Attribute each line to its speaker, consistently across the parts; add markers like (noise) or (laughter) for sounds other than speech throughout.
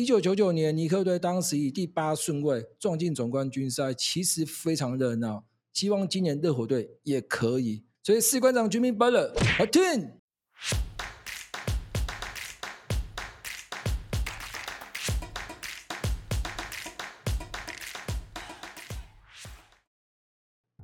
Speaker 1: 一九九九年，尼克隊當時以第八順位撞進總冠軍賽，其實非常熱鬧。希望今年熱火隊也可以。所以四，四冠軍民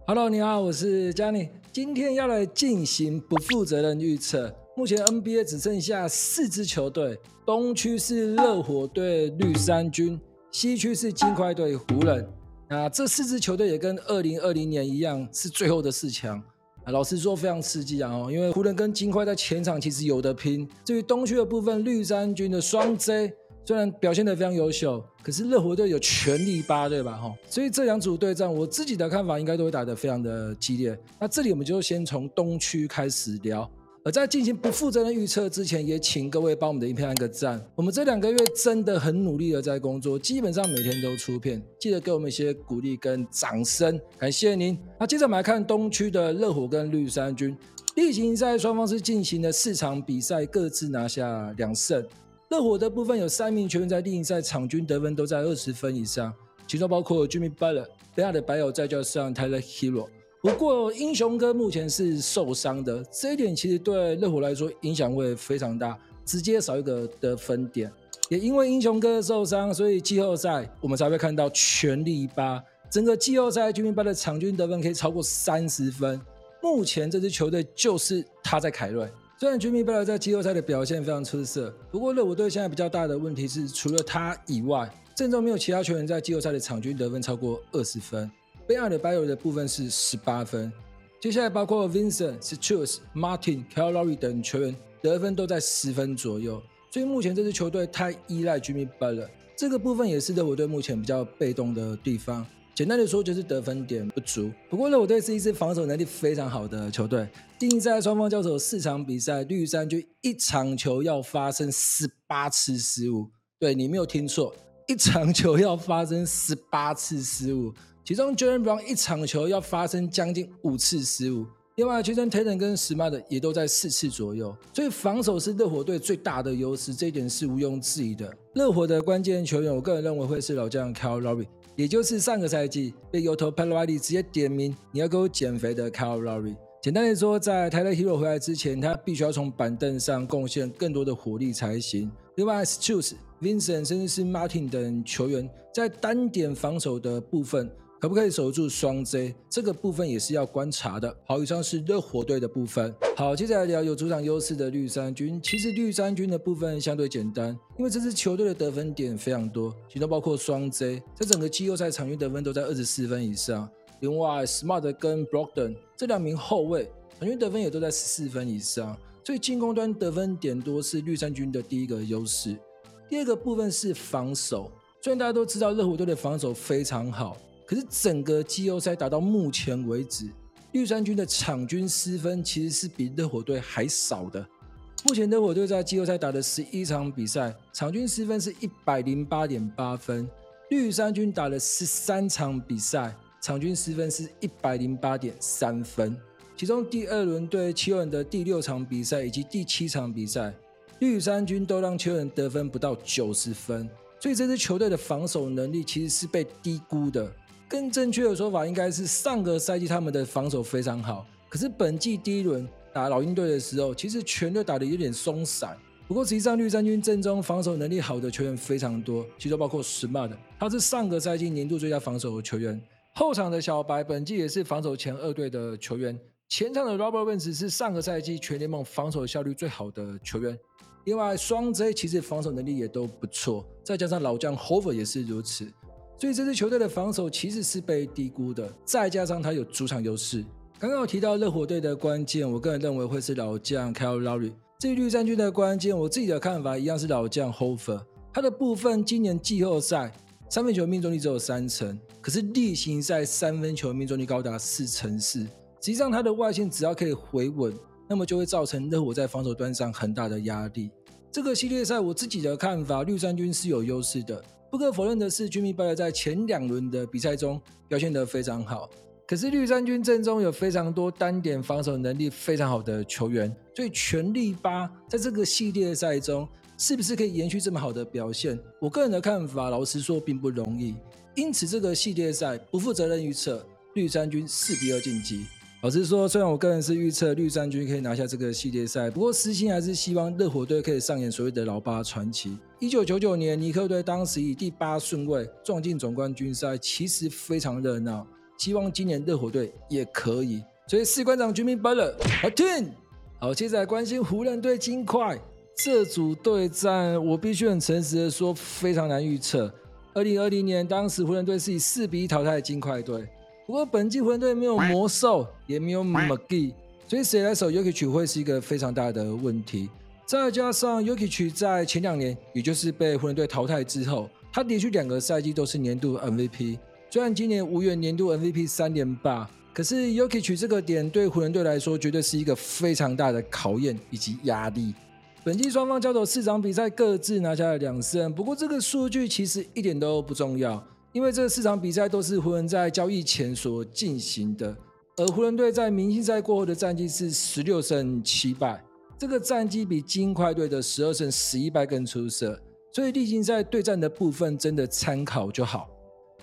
Speaker 1: Hello，你好，我是 Johnny，今天要來進行不負責任預測。目前 NBA 只剩下四支球隊，東區是熱火對綠衫軍，西區是金塊對湖人。那這四支球隊也跟二零二零年一樣，是最後的四強。啊，老實說，非常刺激啊！因為湖人跟金塊在前場其實有得拼。至於東區的部分，綠衫軍的雙 J 雖然表現得非常優秀，可是熱火隊有全力巴，對吧？哈，所以這兩組對戰，我自己的看法應該都會打得非常的激烈。那這裡我們就先從東區開始聊。而在進行不負責任預測之前，也請各位幫我們的影片按個讚。我們這兩個月真的很努力的在工作，基本上每天都出片，記得給我們一些鼓勵跟掌聲，感謝您。那接着我們來看東區的熱火跟綠衫軍，例行賽雙方是進行了四場比賽，各自拿下兩勝。熱火的部分有三名球員在例行賽場均得分都在二十分以上，其中包括 Jimmy Butler，另外的隊友在就是像 Tyler Hero。不過，英雄哥目前是受傷的，這一點其實對熱火來說影響會非常大，直接少一個得分點。也因為英雄哥受傷，所以季後賽我們才會看到全力巴，整個季後賽，全力巴的場均得分可以超過三十分。目前這支球隊就是他在凱瑞，雖然全力巴在季後賽的表現非常出色，不過熱火隊現在比較大的問題是，除了他以外，陣容沒有其他球員在季後賽的場均得分超過二十分。貝爾的 b bio 的部分是十八分，接下來包括 Vincent、Streus ur、Martin、Calory 等球員得分都在十分左右，所以目前這支球隊太依賴 Jimmy Butler 這個部分也是讓我隊目前比較被動的地方。簡單的說就是得分點不足。不過呢，我對是一支防守能力非常好的球隊。近在雙方交手四場比賽，綠衫軍一場球要發生十八次失誤。對你沒有聽錯，一場球要發生十八次失誤。其中，Jaylen Brown 一場球要發生將近五次失誤，另外，其實 Tatum 跟 Smart 也都在四次左右。所以，防守是熱火隊最大的優勢，這一點是毋庸置疑的。熱火的關鍵的球員，我個人認為會是老將 Kyle Lowry，也就是上個賽季被由頭 Pat Riley 直接點名，你要給我減肥的 Kyle Lowry。簡單的說，在泰勒 Hero 回來之前，他必須要從板凳上貢獻更多的火力才行。另外 Strus、Vincent，甚至是 Martin 等球員，在單點防守的部分。可不可以守住雙 J 這個部分也是要觀察的。好，以上是熱火隊的部分。好，接下來聊有主場優勢的綠衫軍。其實綠衫軍的部分相對簡單，因為這支球隊的得分點非常多，其中包括雙 J，在整個季後賽場均得分都在二十四分以上。另外，Smart 跟 Brogdon 這兩名後衛場均得分也都在十四分以上，所以進攻端得分點多是綠衫軍的第一個優勢。第二個部分是防守，雖然大家都知道熱火隊的防守非常好。可是整個季後賽打到目前為止，綠衫軍的場均失分其實是比熱火隊還少的。目前熱火隊在季後賽打的十一場比賽，場均失分是一百零八點八分；綠衫軍打了十三場比賽，場均失分是一百零八點三分。其中第二輪對七人的第六場比賽以及第七場比賽，綠衫軍都讓七人得分不到九十分，所以這支球隊的防守能力其實是被低估的。更正確的說法應該是，上個賽季他們的防守非常好，可是本季第一輪打老鷹隊的時候，其實全隊打得有點鬆散。不過實際上，綠衫軍陣中防守能力好的球員非常多，其中包括 Smart，他是上個賽季年度最佳防守的球員。後場的小白本季也是防守前二隊的球員，前場的 Robert Williams 是上個賽季全聯盟防守效率最好的球員。另外，雙 J 其實防守能力也都不錯，再加上老將 Horford 也是如此。所以這支球隊的防守其實是被低估的，再加上他有主場優勢。剛剛我提到熱火隊的關鍵，我個人認為會是老將 Kyle Lowry。至於綠衫軍的關鍵，我自己的看法一樣是老將 Horford。他的部分今年季後賽三分球命中率只有三成，可是例行賽三分球命中率高達四成四。實際上，他的外線只要可以回穩，那麼就會造成熱火在防守端上很大的壓力。這個系列賽我自己的看法，綠衫軍是有優勢的。不可否認的是，Jimmy 巴在前兩輪的比賽中表現得非常好。可是綠衫軍陣中有非常多單點防守能力非常好的球員，所以全力巴在這個系列賽中是不是可以延續這麼好的表現？我個人的看法，老實說併不容易。因此，這個系列賽不負責任預測綠衫軍四比二晉級。老實說，雖然我個人是預測綠衫軍可以拿下這個系列賽，不過私心還是希望熱火隊可以上演所謂的老八傳奇。一九九九年，尼克隊當時以第八順位撞進總冠軍賽，其實非常熱鬧。希望今年熱火隊也可以。所以士官長 Jimmy Butler，好聽。好，接著關心湖人隊金塊這組對戰，我必須很誠實的說，非常難預測。二零二零年，當時湖人隊是以四比一淘汰金塊隊。不過，本季湖人隊沒有魔獸，也沒有 McGee，所以誰來守 Jokic 會是一個非常大的問題。再加上 Jokic 在前兩年，也就是被湖人隊淘汰之後，他連續兩個賽季都是年度 MVP。雖然今年無緣年度 MVP 三連霸，可是 Jokic 這個點對湖人隊來說，絕對是一個非常大的考驗以及壓力。本季雙方交手四場比賽，各自拿下了兩勝。不過這個數據其實一點都不重要，因為這四場比賽都是湖人在交易前所進行的。而湖人隊在明星賽過後的戰績是十六勝七敗。這個戰績比金塊隊的十二勝十一敗更出色，所以例行賽對戰的部分真的參考就好。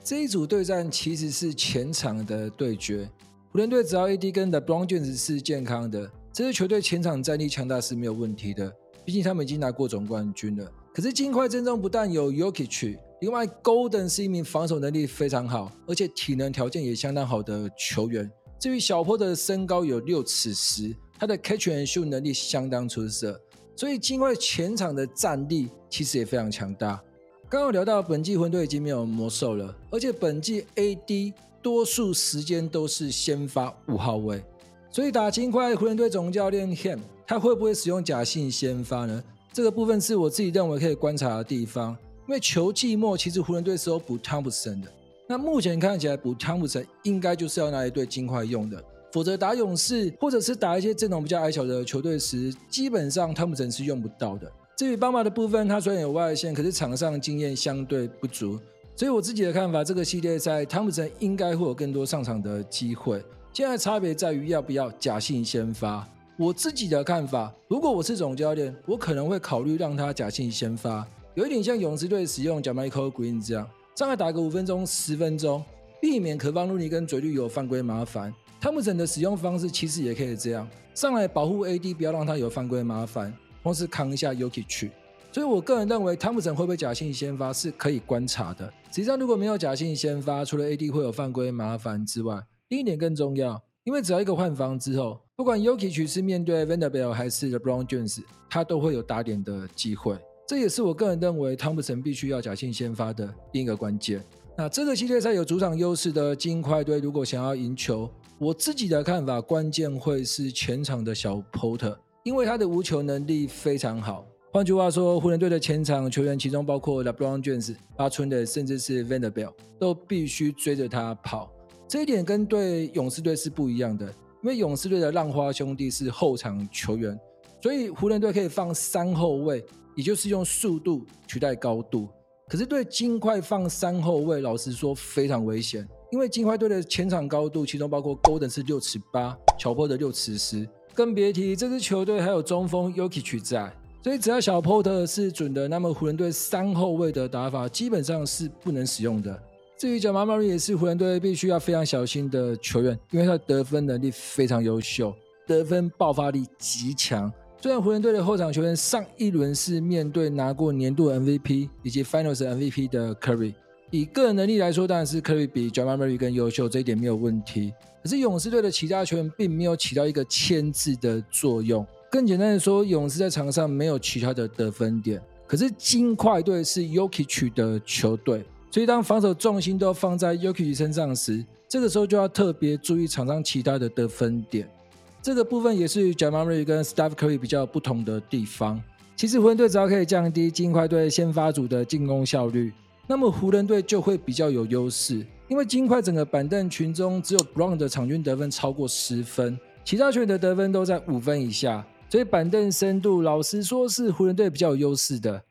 Speaker 1: 這一組對戰其實是前場的對決，湖人隊只要 AD 跟 LeBron James 是健康的，這支球隊前場戰力強大是沒有問題的，畢竟他們已經拿過總冠軍了。可是金塊陣中不但有 Jokic，另外 Golden 是一名防守能力非常好，而且體能條件也相當好的球員。至於小坡的身高有六尺十。他的 catch and shoot 能力相當出色，所以金塊前場的戰力其實也非常強大。剛剛聊到，本季湖人隊已經沒有魔獸了，而且本季 AD 多數時間都是先發五號位，所以打金塊湖人隊總教練 Ham 他會不會使用假性先發呢？這個部分是我自己認為可以觀察的地方。因為球季末其實湖人隊是有補湯普森的，那目前看起來補湯普森應該就是要拿一對金塊用的。否則打勇士，或者是打一些陣容比較矮小的球隊時，基本上湯普森是用不到的。至於班巴的部分，他雖然有外線，可是場上經驗相對不足。所以我自己的看法，這個系列賽湯普森應該會有更多上場的機會。現在差別在於要不要假性先發。我自己的看法，如果我是總教練，我可能會考慮讓他假性先發，有一點像勇士隊使用賈邁克爾·格林這樣，上來打個五分鐘、十分鐘，避免科邦路尼跟嘴綠有犯規麻煩。湯普森的使用方式其實也可以這樣上來保護 AD，不要讓他有犯規麻煩，同時扛一下 Yokic。所以我個人認為湯普森會不會假性先發是可以觀察的。實際上如果沒有假性先發，除了 AD 會有犯規麻煩之外，另一點更重要，因為只要一個換防之後，不管 Yokic 是面對 Vanderbilt 還是 LeBron James，他都會有打點的機會。這也是我個人認為湯普森必須要假性先發的另一個關鍵。那這個系列賽有主場優勢的金塊隊如果想要贏球，我自己的看法，關鍵會是前場的小 Porter，因為他的無球能力非常好。換句話說，湖人隊的前場球員，其中包括 LeBron James、阿春的，甚至是 Vanderbilt，都必須追着他跑。這一點跟對勇士隊是不一樣的，因為勇士隊的浪花兄弟是後場球員，所以湖人隊可以放三後衛，也就是用速度取代高度。可是對金塊放三後衛，老實說非常危險。因為金塊隊的前場高度，其中包括 Gordon 是六尺八，喬波德六尺十，更別提這支球隊還有中鋒 Yokic 在，所以只要小波特是準的，那麼湖人隊三後衛的打法基本上是不能使用的。至於 Jamal Murray 也是湖人隊必須要非常小心的球員，因為他得分能力非常優秀，得分爆發力極強。雖然湖人隊的後場球員上一輪是面對拿過年度 MVP 以及 Finals MVP 的 Curry。以個人能力來說，當然是 Curry 比 Jamal Murray 更優秀，這一點沒有問題。可是勇士隊的其他球員並沒有起到一個牽制的作用。更簡單的說，勇士在場上沒有其他的得分點。可是金塊隊是 Jokic 的球隊，所以當防守重心都放在 Jokic 身上時，這個時候就要特別注意場上其他的得分點。這個部分也是 Jamal Murray 跟 Steph Curry 比較不同的地方。其實湖人隊只要可以降低金塊隊先發組的進攻效率。那麼湖人隊就會比較有優勢，因為金塊整個板凳群中只有 Brown 的場均得分超過十分，其他球員的得分都在五分以下，所以板凳深度老實說是湖人隊比較有優勢的。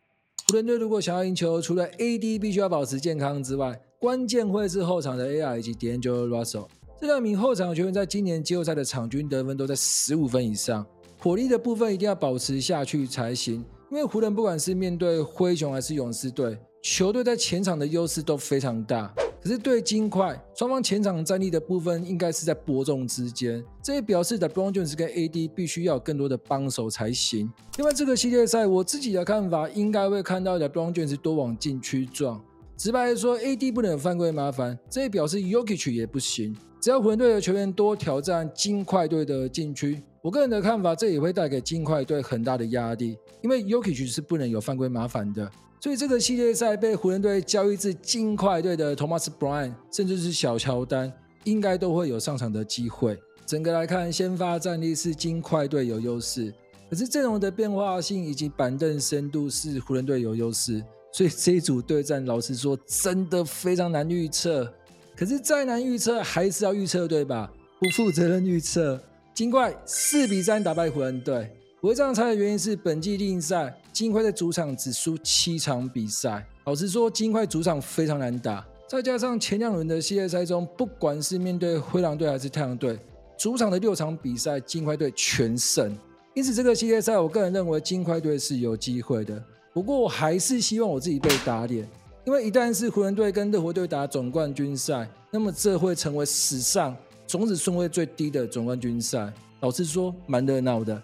Speaker 1: 湖人隊如果想要贏球，除了 AD 必須要保持健康之外，關鍵會是後場的 AR 以及 D'Angelo Russell，這兩名後場球員，在今年季後賽的場均得分都在十五分以上，火力的部分一定要保持下去才行，因為湖人不管是面對灰熊還是勇士隊。球隊在前場的優勢都非常大，可是對金塊，雙方前場戰力的部分應該是在伯仲之間。這也表示 LeBron James 跟 AD 必須要有更多的幫手才行。另外，這個系列賽我自己的看法，應該會看到 LeBron James 多往禁區撞。直白的說，AD 不能有犯規麻煩，這也表示 Yokic 也不行。只要湖人隊的球員多挑戰金塊隊的禁區，我個人的看法，這也會帶給金塊隊很大的壓力，因為 Yokic 是不能有犯規麻煩的。所以這個系列賽被湖人隊交易至金塊隊的 Thomas Bryant 甚至是小喬丹，應該都會有上場的機會。整個來看，先發戰力是金塊隊有優勢，可是陣容的變化性以及板凳深度是湖人隊有優勢。所以這一組對戰，老實說，真的非常難預測。可是再難預測，還是要預測，對吧？不負責任預測，金塊四比三打敗湖人隊。我會這樣猜的原因是，本季例賽，金塊在主場只輸七場比賽。老實說，金塊主場非常難打。再加上前兩輪的系列賽中，不管是面對灰狼隊還是太陽隊，主場的六場比賽，金塊隊全勝。因此，這個系列賽，我個人認為金塊隊是有機會的。不過，我還是希望我自己被打臉，因為一旦是湖人隊跟熱火隊打總冠軍賽，那麼這會成為史上種子順位最低的總冠軍賽。老實說，蠻熱鬧的。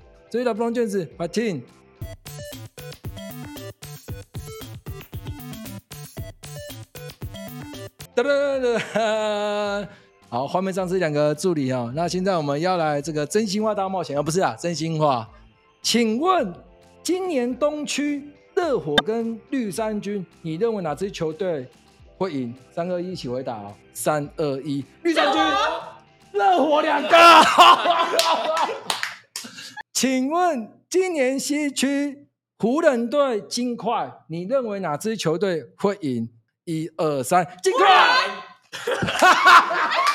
Speaker 1: 不要卷子，把 t e 噠好，畫面上是兩個助理啊、哦。那現在我們要來這個真心話大冒險啊，不是啊，真心話。請問今年東區熱火跟綠衫軍，你認為哪支球隊會贏？三二一，一起回答啊、哦！3, 2, 1, 三二一，綠衫軍，熱我火兩個。 (laughs) 請問今年西區湖人隊、金塊，你認為哪支球隊會贏？一二三，金塊。湖人？。 (laughs) (laughs)